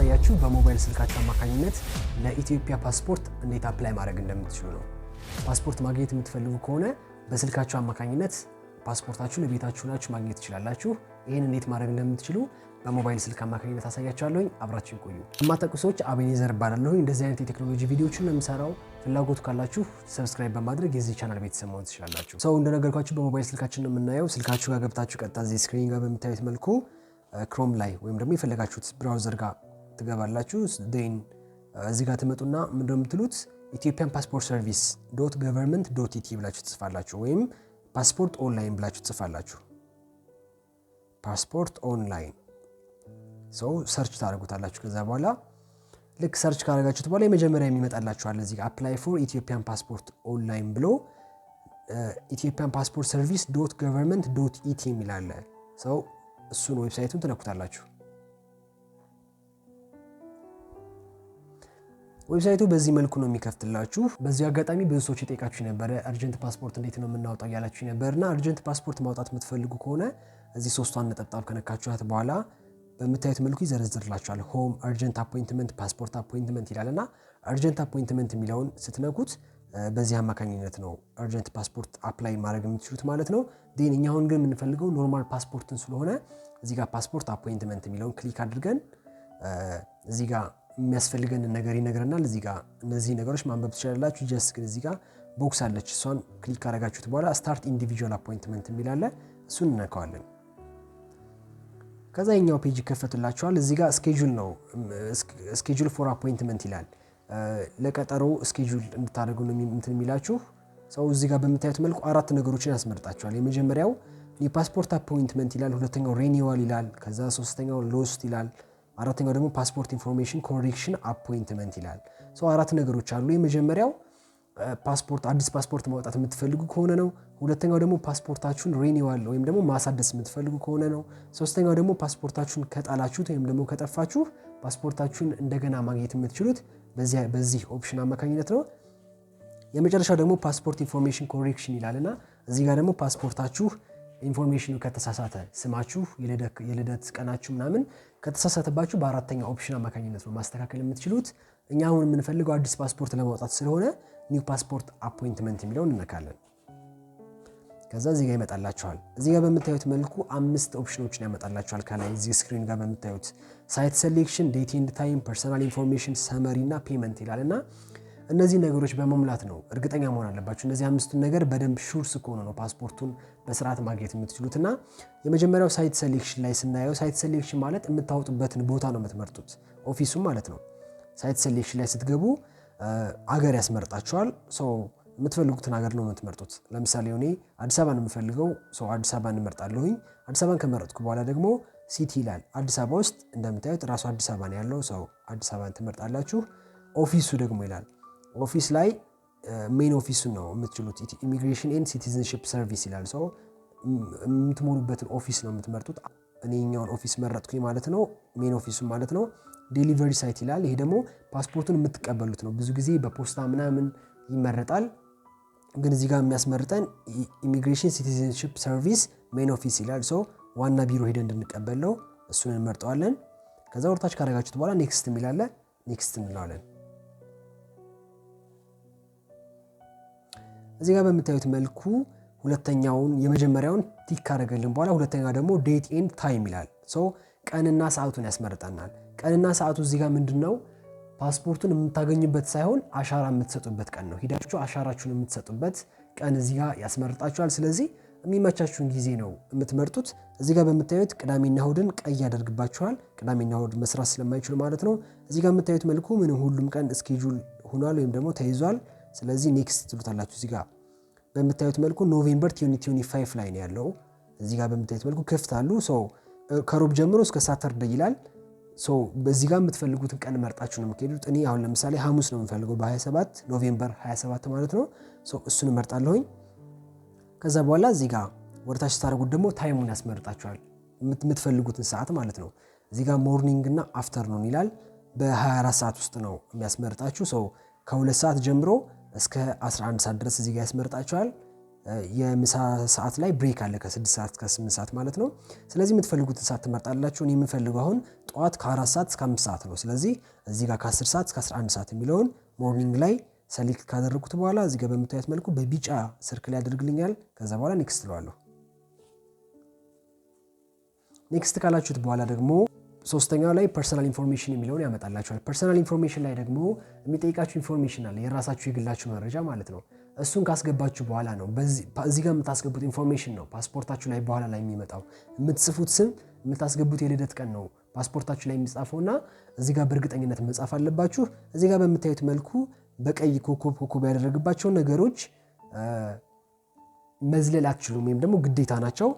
የማሳያችሁ በሞባይል ስልካችሁ አማካኝነት ለኢትዮጵያ ፓስፖርት እንዴት አፕላይ ማድረግ እንደምትችሉ ነው። ፓስፖርት ማግኘት የምትፈልጉ ከሆነ በስልካችሁ አማካኝነት ፓስፖርታችሁ ለቤታችሁ ናችሁ ማግኘት ትችላላችሁ። ይህን እንዴት ማድረግ እንደምትችሉ በሞባይል ስልክ አማካኝነት አሳያችኋለሁኝ። አብራችሁ ይቆዩ። የማታውቁ ሰዎች አቤኔዘር እባላለሁኝ። እንደዚህ አይነት የቴክኖሎጂ ቪዲዮዎችን ለምሰራው ፍላጎቱ ካላችሁ ሰብስክራይብ በማድረግ የዚህ ቻናል ቤተሰብ መሆን ትችላላችሁ። ሰው እንደነገርኳችሁ በሞባይል ስልካችን ነው የምናየው። ስልካችሁ ጋር ገብታችሁ ቀጥታ እዚህ ስክሪን ጋር በምታዩት መልኩ ክሮም ላይ ወይም ደግሞ የፈለጋችሁት ብራውዘር ጋር ትገባላችሁ። ዴን uh, እዚህ ጋር ትመጡና ምንድነው የምትሉት ኢትዮጵያን ፓስፖርት ሰርቪስ ዶት ገቨርንመንት ዶት ኢቲ ብላችሁ ትጽፋላችሁ፣ ወይም ፓስፖርት ኦንላይን ብላችሁ ትጽፋላችሁ። ፓስፖርት ኦንላይን ሰው ሰርች ታደርጉታላችሁ። ከዛ በኋላ ልክ ሰርች ካደረጋችሁት በኋላ የመጀመሪያ የሚመጣላችኋል እዚህ አፕላይ ፎር ኢትዮጵያን ፓስፖርት ኦንላይን ብሎ ኢትዮጵያን ፓስፖርት ሰርቪስ ዶት ገቨርንመንት ዶት ኢቲ የሚላለ ሰው እሱን ዌብሳይቱን ትነኩታላችሁ። ዌብሳይቱ በዚህ መልኩ ነው የሚከፍትላችሁ። በዚህ አጋጣሚ ብዙ ሰዎች የጠየቃችሁ የነበረ አርጀንት ፓስፖርት እንዴት ነው የምናወጣው እያላችሁ ነበርና አርጀንት ፓስፖርት ማውጣት የምትፈልጉ ከሆነ እዚህ ሶስቷን ነጠብጣብ ከነካችኋት በኋላ በምታዩት መልኩ ይዘረዝርላችኋል። ሆም አርጀንት አፖይንትመንት፣ ፓስፖርት አፖይንትመንት ይላልና አርጀንት አፖይንትመንት የሚለውን ስትነኩት በዚህ አማካኝነት ነው አርጀንት ፓስፖርት አፕላይ ማድረግ የምትችሉት ማለት ነው። ዴን እኛ አሁን ግን የምንፈልገው ኖርማል ፓስፖርትን ስለሆነ እዚጋ ፓስፖርት አፖይንትመንት የሚለውን ክሊክ አድርገን እዚጋ የሚያስፈልገን ነገር ይነግረናል። እዚህ ጋር እነዚህ ነገሮች ማንበብ ትችላላችሁ። ጀስ ግን እዚህ ጋር ቦክስ አለች። እሷን ክሊክ ካደረጋችሁት በኋላ ስታርት ኢንዲቪጁዋል አፖይንትመንት የሚላለ እሱን እነካዋለን። ከዛ የኛው ፔጅ ይከፈትላችኋል። እዚህ ጋር ስኬጁል ነው ስኬጁል ፎር አፖይንትመንት ይላል። ለቀጠሮ ስኬጁል እንድታደርጉ ነው እንትን የሚላችሁ ሰው። እዚህ ጋር በምታዩት መልኩ አራት ነገሮችን ያስመርጣችኋል። የመጀመሪያው የፓስፖርት አፖይንትመንት ይላል፣ ሁለተኛው ሬኒዋል ይላል፣ ከዛ ሶስተኛው ሎስት ይላል አራተኛው ደግሞ ፓስፖርት ኢንፎርሜሽን ኮሬክሽን አፖይንትመንት ይላል። ሰው አራት ነገሮች አሉ። የመጀመሪያው ፓስፖርት አዲስ ፓስፖርት ማውጣት የምትፈልጉ ከሆነ ነው። ሁለተኛው ደግሞ ፓስፖርታችሁን ሬኒዋል ወይም ደግሞ ማሳደስ የምትፈልጉ ከሆነ ነው። ሶስተኛው ደግሞ ፓስፖርታችሁን ከጣላችሁት ወይም ደግሞ ከጠፋችሁ ፓስፖርታችሁን እንደገና ማግኘት የምትችሉት በዚህ ኦፕሽን አማካኝነት ነው። የመጨረሻው ደግሞ ፓስፖርት ኢንፎርሜሽን ኮሬክሽን ይላልና እዚህ ጋር ደግሞ ፓስፖርታችሁ ኢንፎርሜሽኑ ከተሳሳተ ስማችሁ፣ የልደት ቀናችሁ ምናምን ከተሳሳተባችሁ በአራተኛ ኦፕሽን አማካኝነት ነው ማስተካከል የምትችሉት። እኛ አሁን የምንፈልገው አዲስ ፓስፖርት ለማውጣት ስለሆነ ኒው ፓስፖርት አፖይንትመንት የሚለውን እንነካለን። ከዛ እዚህ ይመጣላችኋል። እዚህ ጋር በምታዩት መልኩ አምስት ኦፕሽኖችን ያመጣላችኋል። ከላይ እዚህ ስክሪን ጋር በምታዩት ሳይት ሴሌክሽን፣ ዴት ኤንድ ታይም፣ ፐርሰናል ኢንፎርሜሽን፣ ሰመሪ እና ፔመንት ይላል እና እነዚህ ነገሮች በመሙላት ነው እርግጠኛ መሆን አለባችሁ። እነዚህ አምስቱን ነገር በደንብ ሹር ስከሆኑ ነው ፓስፖርቱን በስርዓት ማግኘት የምትችሉት። እና የመጀመሪያው ሳይት ሴሌክሽን ላይ ስናየው ሳይት ሴሌክሽን ማለት የምታወጡበትን ቦታ ነው የምትመርጡት፣ ኦፊሱም ማለት ነው። ሳይት ሴሌክሽን ላይ ስትገቡ አገር ያስመርጣችኋል። ሰው የምትፈልጉትን ሀገር ነው የምትመርጡት። ለምሳሌ እኔ አዲስ አበባ ነው የምፈልገው፣ ሰው አዲስ አበባ እንመርጣለሁኝ። አዲስ አበባን ከመረጥኩ በኋላ ደግሞ ሲቲ ይላል። አዲስ አበባ ውስጥ እንደምታዩት ራሱ አዲስ አበባ ነው ያለው። ሰው አዲስ አበባን ትመርጣላችሁ። ኦፊሱ ደግሞ ይላል ኦፊስ ላይ ሜን ኦፊሱን ነው የምትችሉት። ኢሚግሬሽን ኤንድ ሲቲዝንሽፕ ሰርቪስ ይላል ሰው የምትሞሉበትን ኦፊስ ነው የምትመርጡት። እኔኛውን ኦፊስ መረጥኩኝ ማለት ነው፣ ሜን ኦፊሱን ማለት ነው። ዴሊቨሪ ሳይት ይላል። ይሄ ደግሞ ፓስፖርቱን የምትቀበሉት ነው። ብዙ ጊዜ በፖስታ ምናምን ይመረጣል፣ ግን እዚህ ጋር የሚያስመርጠን ኢሚግሬሽን ሲቲዝንሽፕ ሰርቪስ ሜን ኦፊስ ይላል። ሰው ዋና ቢሮ ሄደን እንድንቀበል ነው። እሱን እንመርጠዋለን። ከዛ ወርታች ካረጋችሁት በኋላ ኔክስት የሚላለ ኔክስት እንለዋለን። እዚህ ጋር በምታዩት መልኩ ሁለተኛውን የመጀመሪያውን ቲክ ካደረገልን በኋላ ሁለተኛ ደግሞ ዴት ኤንድ ታይም ይላል። ቀንና ሰዓቱን ያስመርጠናል። ቀንና ሰዓቱ እዚህ ጋር ምንድን ነው? ፓስፖርቱን የምታገኙበት ሳይሆን አሻራ የምትሰጡበት ቀን ነው። ሂዳችሁ አሻራችሁን የምትሰጡበት ቀን እዚህ ጋር ያስመርጣችኋል። ስለዚህ የሚመቻችሁን ጊዜ ነው የምትመርጡት። እዚህ ጋር በምታዩት ቅዳሜና እሁድን ቀይ ያደርግባችኋል። ቅዳሜና እሁድ መስራት ስለማይችሉ ማለት ነው። እዚህ ጋር የምታዩት መልኩ ምንም ሁሉም ቀን እስኬጁል ሆኗል ወይም ደግሞ ተይዟል። ስለዚህ ኔክስት ትሉታላችሁ። እዚህ ጋር በምታዩት መልኩ ኖቬምበር 2025 ላይ ነው ያለው። እዚህ ጋር በምታዩት መልኩ ክፍት አሉ። ከሮብ ጀምሮ እስከ ሳተርደ ይላል። በዚህ ጋር የምትፈልጉትን ቀን መርጣችሁ ነው የምትሄዱት። እኔ አሁን ለምሳሌ ሐሙስ ነው የምፈልገው በ27 ኖቬምበር 27 ማለት ነው። እሱን እመርጣለሁኝ። ከዛ በኋላ እዚህ ጋር ወደታች ስታደርጉት ደግሞ ታይሙን ያስመርጣችኋል የምትፈልጉትን ሰዓት ማለት ነው። እዚህ ጋር ሞርኒንግ እና አፍተርኑን ይላል። በ24 ሰዓት ውስጥ ነው የሚያስመርጣችሁ ሰው ከሁለት ሰዓት ጀምሮ እስከ 11 ሰዓት ድረስ እዚህ ጋር ያስመርጣቸዋል። የምሳ ሰዓት ላይ ብሬክ አለ ከ6 ሰዓት እስከ 8 ሰዓት ማለት ነው። ስለዚህ የምትፈልጉትን ሰዓት ትመርጣላችሁ። እኔ የምፈልገው አሁን ጠዋት ከ4 ሰዓት እስከ 5 ሰዓት ነው። ስለዚህ እዚህ ጋር ከ10 ሰዓት እስከ 11 ሰዓት የሚለውን ሞርኒንግ ላይ ሰሊክ ካደረጉት በኋላ እዚህ ጋር በምታዩት መልኩ በቢጫ ስርክል ያደርግልኛል። ከዛ በኋላ ኔክስት ትለዋለሁ። ኔክስት ካላችሁት በኋላ ደግሞ ሶስተኛው ላይ ፐርሰናል ኢንፎርሜሽን የሚለውን ያመጣላቸዋል። ፐርሰናል ኢንፎርሜሽን ላይ ደግሞ የሚጠይቃችሁ ኢንፎርሜሽን አለ፣ የራሳችሁ የግላችሁ መረጃ ማለት ነው። እሱን ካስገባችሁ በኋላ ነው እዚህ ጋር የምታስገቡት ኢንፎርሜሽን ነው ፓስፖርታችሁ ላይ በኋላ ላይ የሚመጣው። የምትጽፉት ስም የምታስገቡት የልደት ቀን ነው ፓስፖርታችሁ ላይ የሚጻፈውና እዚህ ጋር በእርግጠኝነት መጻፍ አለባችሁ። እዚህ ጋር በምታዩት መልኩ በቀይ ኮከብ ኮከብ ያደረግባቸው ነገሮች መዝለል አትችሉም፣ ወይም ደግሞ ግዴታ ናቸው።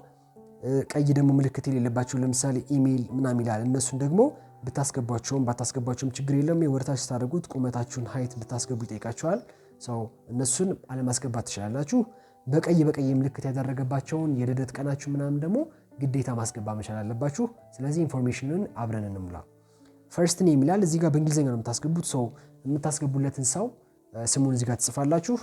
ቀይ ደግሞ ምልክት የሌለባቸው ለምሳሌ ኢሜይል ምናምን ይላል። እነሱን ደግሞ ብታስገቧቸውም ባታስገቧቸውም ችግር የለም። የወደታች ስታደርጉት ቁመታችሁን ሀይት እንድታስገቡ ይጠይቃቸዋል። ሰው እነሱን አለማስገባት ትችላላችሁ። በቀይ በቀይ ምልክት ያደረገባቸውን የልደት ቀናችሁ ምናምን ደግሞ ግዴታ ማስገባት መቻል አለባችሁ። ስለዚህ ኢንፎርሜሽንን አብረን እንሙላ። ፈርስት ኔም ይላል እዚህ ጋር በእንግሊዝኛ ነው የምታስገቡት። ሰው የምታስገቡለትን ሰው ስሙን እዚህ ጋር ትጽፋላችሁ።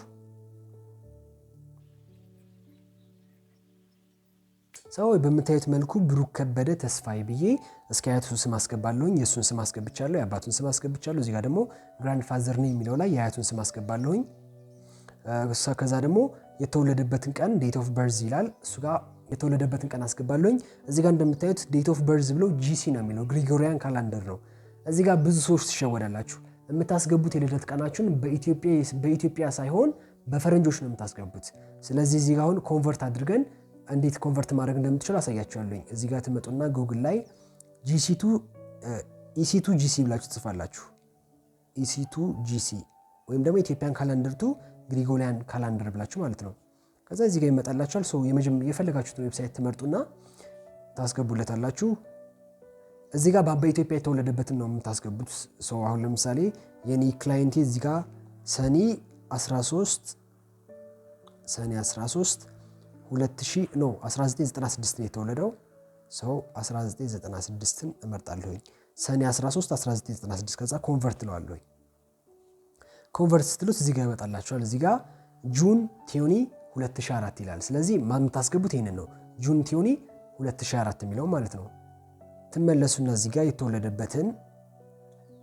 ሰው በምታዩት መልኩ ብሩክ ከበደ ተስፋዬ ብዬ እስከ አያቱ ስም አስገባለሁኝ። የእሱን ስም አስገብቻለሁ። የአባቱን ስም አስገብቻለሁ። እዚጋ ደግሞ ግራንድ ፋዘር ነው የሚለው ላይ የአያቱን ስም አስገባለሁኝ። ከዛ ደግሞ የተወለደበትን ቀን ዴት ኦፍ በርዝ ይላል። እሱ ጋር የተወለደበትን ቀን አስገባለሁኝ። እዚ ጋር እንደምታዩት ዴት ኦፍ በርዝ ብለው ጂሲ ነው የሚለው ግሪጎሪያን ካላንደር ነው። እዚ ጋር ብዙ ሰዎች ትሸወዳላችሁ። የምታስገቡት የልደት ቀናችሁን በኢትዮጵያ ሳይሆን በፈረንጆች ነው የምታስገቡት። ስለዚህ እዚህ ጋር አሁን ኮንቨርት አድርገን እንዴት ኮንቨርት ማድረግ እንደምትችሉ አሳያችኋለኝ። እዚህ ጋር ትመጡና ጉግል ላይ ጂሲቱ ኢሲቱ ጂሲ ብላችሁ ትጽፋላችሁ። ኢሲቱ e ጂሲ ወይም ደግሞ ኢትዮጵያን ካላንደር ቱ ግሪጎሪያን ካላንደር ብላችሁ ማለት ነው። ከዛ እዚህ ጋር ይመጣላችኋል። ሰው የፈለጋችሁትን ዌብሳይት ትመርጡና ታስገቡለታላችሁ። እዚህ ጋር በአባ ኢትዮጵያ የተወለደበትን ነው የምታስገቡት። ሰው አሁን ለምሳሌ የኔ ክላይንቴ እዚህ ጋር ሰኔ 13 ሰኔ 13 2000 ነው 1996 ነው የተወለደው ሰው 1996ን እመርጣለሁኝ። ሰኔ 13 1996 ከዛ ኮንቨርት ለዋለሁኝ። ኮንቨርት ስትሉት እዚህ ጋር ይመጣላችኋል። እዚህ ጋር ጁን ቲዮኒ 2004 ይላል። ስለዚህ የምታስገቡት ይህንን ነው ጁን ቲዮኒ 2004 የሚለው ማለት ነው። ትመለሱና እዚህ ጋር የተወለደበትን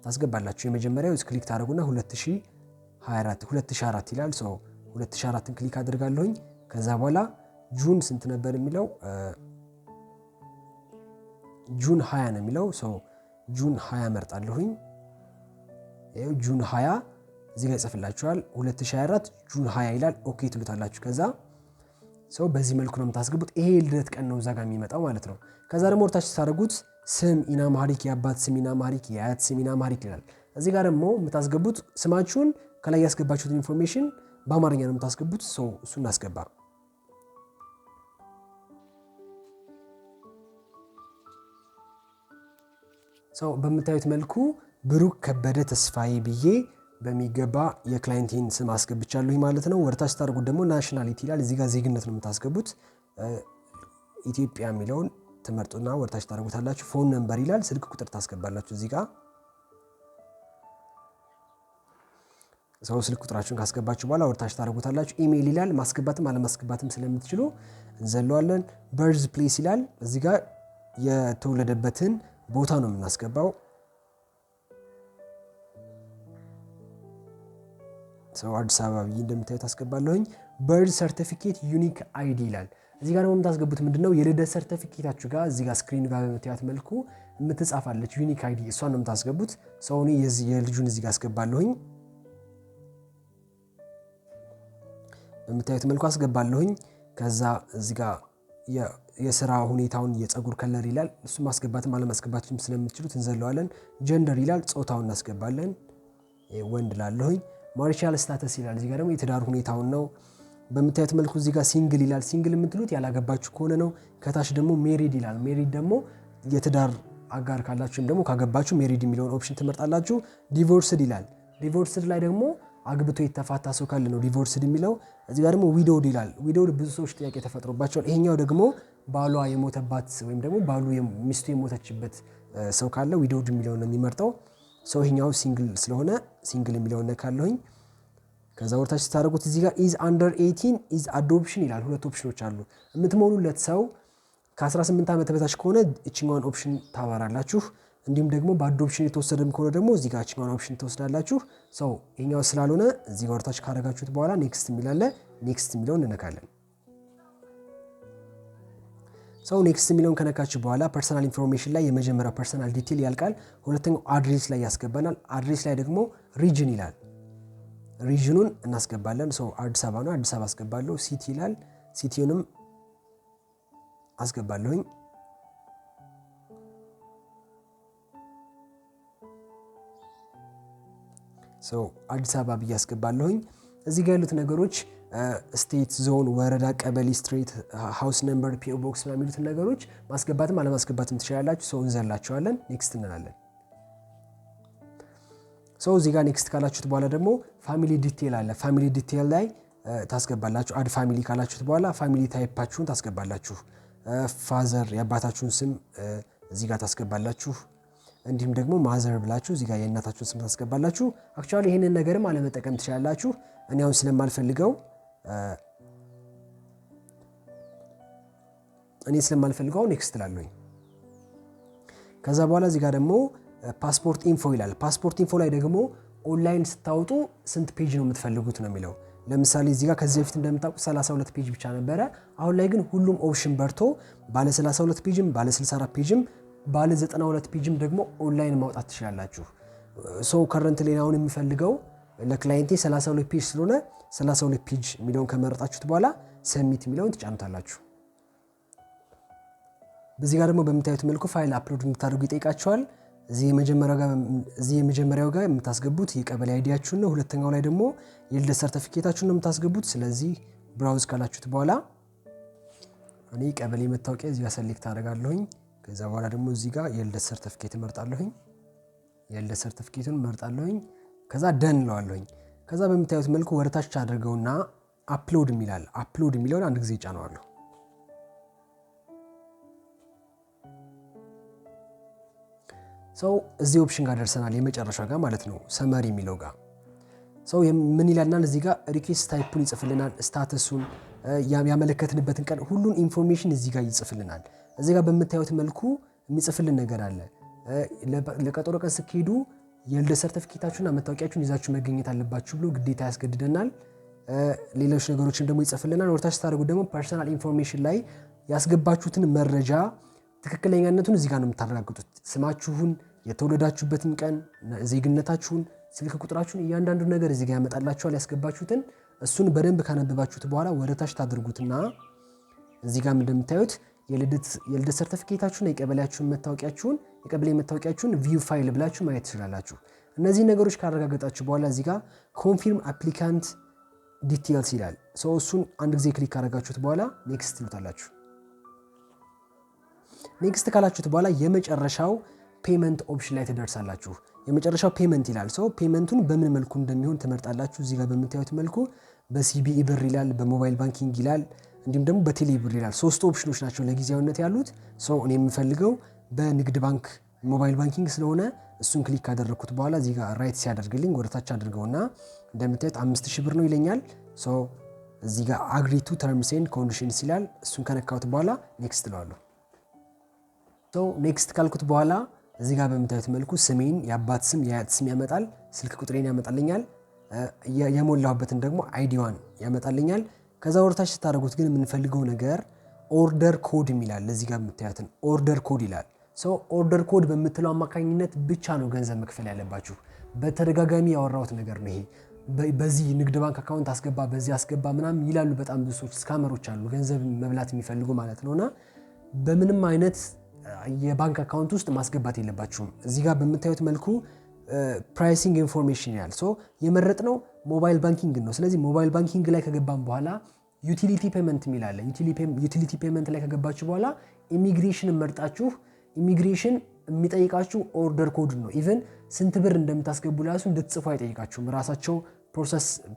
ታስገባላችሁ። የመጀመሪያው ክሊክ ታደረጉና 2024 2004 ይላል ሰው 2004ን ክሊክ አድርጋለሁኝ ከዛ በኋላ ጁን ስንት ነበር የሚለው? ጁን 20 ነው የሚለው ሰው ጁን 20 መርጣለሁኝ። ይኸው ጁን 20 እዚህ ላይ ይጽፍላችኋል። 2024 ጁን 20 ይላል። ኦኬ ትሉታላችሁ። ከዛ ሰው በዚህ መልኩ ነው የምታስገቡት። ይሄ የልደት ቀን ነው እዛ ጋር የሚመጣው ማለት ነው። ከዛ ደግሞ ወርታች ስታደርጉት ስም ኢና ማሪክ፣ የአባት ስም ኢና ማሪክ፣ የአያት ስም ኢና ማሪክ ይላል። እዚህ ጋር ደግሞ የምታስገቡት ስማችሁን ከላይ ያስገባችሁትን ኢንፎርሜሽን በአማርኛ ነው የምታስገቡት። ሰው እሱ እናስገባ ሰው በምታዩት መልኩ ብሩክ ከበደ ተስፋዬ ብዬ በሚገባ የክላይንቲን ስም አስገብቻለሁ ማለት ነው። ወደታች ስታደርጉት ደግሞ ናሽናሊቲ ይላል። እዚህ ጋር ዜግነት ነው የምታስገቡት። ኢትዮጵያ የሚለውን ትመርጡና ወደታች ታደርጉታላችሁ። ፎን ነምበር ይላል። ስልክ ቁጥር ታስገባላችሁ እዚህ ጋር ሰው ስልክ ቁጥራችሁን ካስገባችሁ በኋላ ወርታች ታደርጉታላችሁ። ኢሜይል ይላል። ማስገባትም አለማስገባትም ስለምትችሉ እንዘለዋለን። በርዝ ፕሌስ ይላል። እዚህ ጋር የተወለደበትን ቦታ ነው የምናስገባው። ሰው አዲስ አበባ ብዬ እንደምታዩት አስገባለሁኝ። በርድ ሰርቲፊኬት ዩኒክ አይዲ ይላል። እዚህ ጋር ደግሞ የምታስገቡት ምንድን ነው የልደት ሰርቲፊኬታችሁ ጋር እዚህ ጋር ስክሪን ጋር በምታዩት መልኩ የምትጻፋለች ዩኒክ አይዲ እሷን ነው የምታስገቡት። ሰው እኔ የልጁን እዚህ ጋር አስገባለሁኝ። በምታዩት መልኩ አስገባለሁኝ። ከዛ እዚህ ጋር የስራ ሁኔታውን የፀጉር ከለር ይላል። እሱ ማስገባትም አለማስገባትም ስለምትችሉት እንዘለዋለን። ጀንደር ይላል፣ ጾታውን እናስገባለን። ወንድ ላለሁኝ ማሪሻል ስታተስ ይላል። እዚጋ ደግሞ የትዳር ሁኔታውን ነው በምታዩት መልኩ እዚህ ጋር ሲንግል ይላል። ሲንግል የምትሉት ያላገባችሁ ከሆነ ነው። ከታች ደግሞ ሜሪድ ይላል። ሜሪድ ደግሞ የትዳር አጋር ካላችሁ ወይም ደግሞ ካገባችሁ ሜሪድ የሚለውን ኦፕሽን ትመርጣላችሁ። ዲቮርስድ ይላል። ዲቮርስድ ላይ ደግሞ አግብቶ የተፋታ ሰው ካለ ነው ዲቮርስድ የሚለው። እዚጋ ደግሞ ዊዶድ ይላል። ዊዶድ ብዙ ሰዎች ጥያቄ ተፈጥሮባቸዋል። ይሄኛው ደግሞ ባሏ የሞተባት ወይም ደግሞ ባሉ ሚስቱ የሞተችበት ሰው ካለ ዊዶውድ የሚለውን ነው የሚመርጠው። ሰው ይሄኛው ሲንግል ስለሆነ ሲንግል የሚለውን ነካለሁኝ። ከዛ ወርታች ስታደርጉት እዚህ ጋር ኢዝ አንደር 18 ኢዝ አዶፕሽን ይላል። ሁለት ኦፕሽኖች አሉ። የምትሞሉለት ሰው ከ18 ዓመት በታች ከሆነ እችኛዋን ኦፕሽን ታባራላችሁ። እንዲሁም ደግሞ በአዶፕሽን የተወሰደም ከሆነ ደግሞ እዚህ ጋር እችኛዋን ኦፕሽን ትወስዳላችሁ። ሰው ይሄኛው ስላልሆነ እዚህ ጋር ወርታች ካረጋችሁት በኋላ ኔክስት የሚላለ ኔክስት የሚለውን እንነካለን። ሰው ኔክስት የሚለውን ከነካችሁ በኋላ ፐርሰናል ኢንፎርሜሽን ላይ የመጀመሪያው ፐርሰናል ዲቴል ያልቃል። ሁለተኛው አድሬስ ላይ ያስገባናል። አድሬስ ላይ ደግሞ ሪጅን ይላል። ሪጅኑን እናስገባለን። ሰው አዲስ አበባ ነው፣ አዲስ አበባ አስገባለሁ። ሲቲ ይላል፣ ሲቲውንም አስገባለሁኝ። ሰው አዲስ አበባ ብዬ አስገባለሁኝ። እዚህ ጋ ያሉት ነገሮች ስቴት፣ ዞን፣ ወረዳ፣ ቀበሌ፣ ስትሬት፣ ሃውስ ነምበር፣ ፒኦ ቦክስ የሚሉትን ነገሮች ማስገባትም አለማስገባትም ትችላላችሁ። ሰው እንዘላቸዋለን። ኔክስት እንላለን። ሰው እዚህ ጋር ኔክስት ካላችሁት በኋላ ደግሞ ፋሚሊ ዲቴል አለ። ፋሚሊ ዲቴል ላይ ታስገባላችሁ። አድ ፋሚሊ ካላችሁት በኋላ ፋሚሊ ታይፓችሁን ታስገባላችሁ። ፋዘር የአባታችሁን ስም እዚህ ጋር ታስገባላችሁ። እንዲሁም ደግሞ ማዘር ብላችሁ እዚህ ጋር የእናታችሁን ስም ታስገባላችሁ። አክቹዋሊ ይህንን ነገርም አለመጠቀም ትችላላችሁ። እኔ አሁን ስለማልፈልገው እኔ ስለማልፈልገው ኔክስት እላለሁኝ። ከዛ በኋላ እዚህ ጋር ደግሞ ፓስፖርት ኢንፎ ይላል። ፓስፖርት ኢንፎ ላይ ደግሞ ኦንላይን ስታወጡ ስንት ፔጅ ነው የምትፈልጉት ነው የሚለው። ለምሳሌ እዚህ ጋር ከዚህ በፊት እንደምታውቁ 32 ፔጅ ብቻ ነበረ። አሁን ላይ ግን ሁሉም ኦፕሽን በርቶ ባለ 32 ፔጅም፣ ባለ 64 ፔጅም፣ ባለ 92 ፔጅም ደግሞ ኦንላይን ማውጣት ትችላላችሁ። ሰው ከረንት ሌላውን የሚፈልገው ለክላይንቴ 32 ፔጅ ስለሆነ 32 ፔጅ የሚለውን ከመረጣችሁት በኋላ ሰሚት የሚለውን ትጫኑታላችሁ። በዚህ ጋር ደግሞ በምታዩት መልኩ ፋይል አፕሎድ እንድታደርጉ ይጠይቃቸዋል። እዚህ የመጀመሪያው ጋር የምታስገቡት የቀበሌ አይዲያችሁን ነው። ሁለተኛው ላይ ደግሞ የልደት ሰርተፊኬታችሁን ነው የምታስገቡት። ስለዚህ ብራውዝ ካላችሁት በኋላ እኔ ቀበሌ መታወቂያ እዚህ ጋር ሰሌክት አደርጋለሁኝ። ከዛ በኋላ ደግሞ እዚህ ጋር የልደት ሰርተፊኬት መርጣለሁኝ። የልደት ሰርተፊኬቱን መርጣለሁኝ። ከዛ ደን እለዋለሁኝ። ከዛ በምታዩት መልኩ ወደታች አድርገውና አፕሎድ የሚላል አፕሎድ የሚለውን አንድ ጊዜ ጫነዋለሁ። ሰው እዚህ ኦፕሽን ጋር ደርሰናል፣ የመጨረሻ ጋር ማለት ነው፣ ሰመሪ የሚለው ጋር ሰው ምን ይላልናል? እዚህ ጋር ሪኩዌስት ታይፑን ይጽፍልናል፣ ስታተሱን፣ ያመለከትንበትን ቀን፣ ሁሉን ኢንፎርሜሽን እዚህ ጋር ይጽፍልናል። እዚህ ጋር በምታዩት መልኩ የሚጽፍልን ነገር አለ። ለቀጠሮ ቀን ስትሄዱ የልደት ሰርተፍኬታችሁና መታወቂያችሁን ይዛችሁ መገኘት አለባችሁ ብሎ ግዴታ ያስገድደናል። ሌሎች ነገሮችን ደግሞ ይጽፍልናል። ወርታች ስታደርጉ ደግሞ ፐርሰናል ኢንፎርሜሽን ላይ ያስገባችሁትን መረጃ ትክክለኛነቱን እዚህ ጋር ነው የምታረጋግጡት። ስማችሁን፣ የተወለዳችሁበትን ቀን፣ ዜግነታችሁን፣ ስልክ ቁጥራችሁን፣ እያንዳንዱ ነገር እዚህ ጋር ያመጣላችኋል። ያስገባችሁትን እሱን በደንብ ካነበባችሁት በኋላ ወደታች ታደርጉትና እዚህ ጋር እንደምታዩት የልደት ሰርተፊኬታችሁና የቀበሌያችሁን መታወቂያችሁን የቀበሌ መታወቂያችሁን ቪው ፋይል ብላችሁ ማየት ትችላላችሁ። እነዚህ ነገሮች ካረጋገጣችሁ በኋላ እዚህ ጋር ኮንፊርም አፕሊካንት ዲቴልስ ይላል። ሰው እሱን አንድ ጊዜ ክሊክ ካረጋችሁት በኋላ ኔክስት ትሉታላችሁ። ኔክስት ካላችሁት በኋላ የመጨረሻው ፔመንት ኦፕሽን ላይ ትደርሳላችሁ። የመጨረሻው ፔመንት ይላል። ሰው ፔመንቱን በምን መልኩ እንደሚሆን ትመርጣላችሁ። እዚህ ጋር በምታዩት መልኩ በሲቢኢ ብር ይላል፣ በሞባይል ባንኪንግ ይላል፣ እንዲሁም ደግሞ በቴሌ ብር ይላል። ሶስት ኦፕሽኖች ናቸው ለጊዜያዊነት ያሉት። ሰው እኔ የምፈልገው በንግድ ባንክ ሞባይል ባንኪንግ ስለሆነ እሱን ክሊክ ካደረግኩት በኋላ እዚህ ጋር ራይት ሲያደርግልኝ ወደ ታች አድርገውና እንደምታዩት አምስት ሺህ ብር ነው ይለኛል። ሶ እዚህ ጋር አግሪ ቱ ተርምስ ኤንድ ኮንዲሽንስ ይላል። እሱን ከነካሁት በኋላ ኔክስት እለዋለሁ። ሶ ኔክስት ካልኩት በኋላ እዚህ ጋር በምታዩት መልኩ ስሜን፣ የአባት ስም፣ የአያት ስም ያመጣል። ስልክ ቁጥሬን ያመጣልኛል። የሞላሁበትን ደግሞ አይዲዋን ያመጣልኛል። ከዛ ወደታች ስታደርጉት ግን የምንፈልገው ነገር ኦርደር ኮድ የሚላል እዚህ ጋር የምታዩትን ኦርደር ኮድ ይላል ሰው ኦርደር ኮድ በምትለው አማካኝነት ብቻ ነው ገንዘብ መክፈል ያለባችሁ። በተደጋጋሚ ያወራሁት ነገር ነው ይሄ። በዚህ ንግድ ባንክ አካውንት አስገባ፣ በዚህ አስገባ ምናምን ይላሉ። በጣም ብዙ ሰዎች ስካመሮች አሉ፣ ገንዘብ መብላት የሚፈልጉ ማለት ነው። እና በምንም አይነት የባንክ አካውንት ውስጥ ማስገባት የለባችሁም። እዚህ ጋር በምታዩት መልኩ ፕራይሲንግ ኢንፎርሜሽን ያል ሶ የመረጥነው ሞባይል ባንኪንግ ነው። ስለዚህ ሞባይል ባንኪንግ ላይ ከገባን በኋላ ዩቲሊቲ ፔመንት የሚላለ ዩቲሊቲ ፔመንት ላይ ከገባችሁ በኋላ ኢሚግሬሽን መርጣችሁ ኢሚግሬሽን የሚጠይቃችሁ ኦርደር ኮድ ነው። ኢቨን ስንት ብር እንደምታስገቡ ላሱ እንድትጽፉ አይጠይቃችሁም። ራሳቸው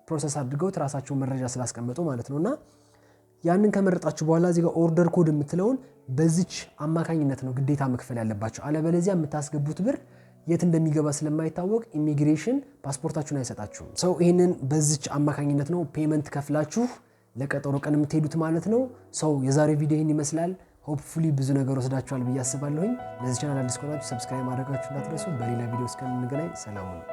ፕሮሰስ አድርገውት ራሳቸው መረጃ ስላስቀመጡ ማለት ነው እና ያንን ከመረጣችሁ በኋላ እዚህ ኦርደር ኮድ የምትለውን በዚች አማካኝነት ነው ግዴታ መክፈል ያለባቸው። አለበለዚያ የምታስገቡት ብር የት እንደሚገባ ስለማይታወቅ ኢሚግሬሽን ፓስፖርታችሁን አይሰጣችሁም። ሰው ይህንን በዚች አማካኝነት ነው ፔመንት ከፍላችሁ ለቀጠሮ ቀን የምትሄዱት ማለት ነው። ሰው የዛሬ ቪዲዮ ይህን ይመስላል። ሆፕፉሊ ብዙ ነገር ወስዳችኋል ብዬ አስባለሁኝ። ለዚህ ቻናል አዲስ ከሆናችሁ ሰብስክራይብ ማድረጋችሁ እንዳትረሱ። በሌላ ቪዲዮ እስከምንገናኝ ሰላሙ ነው።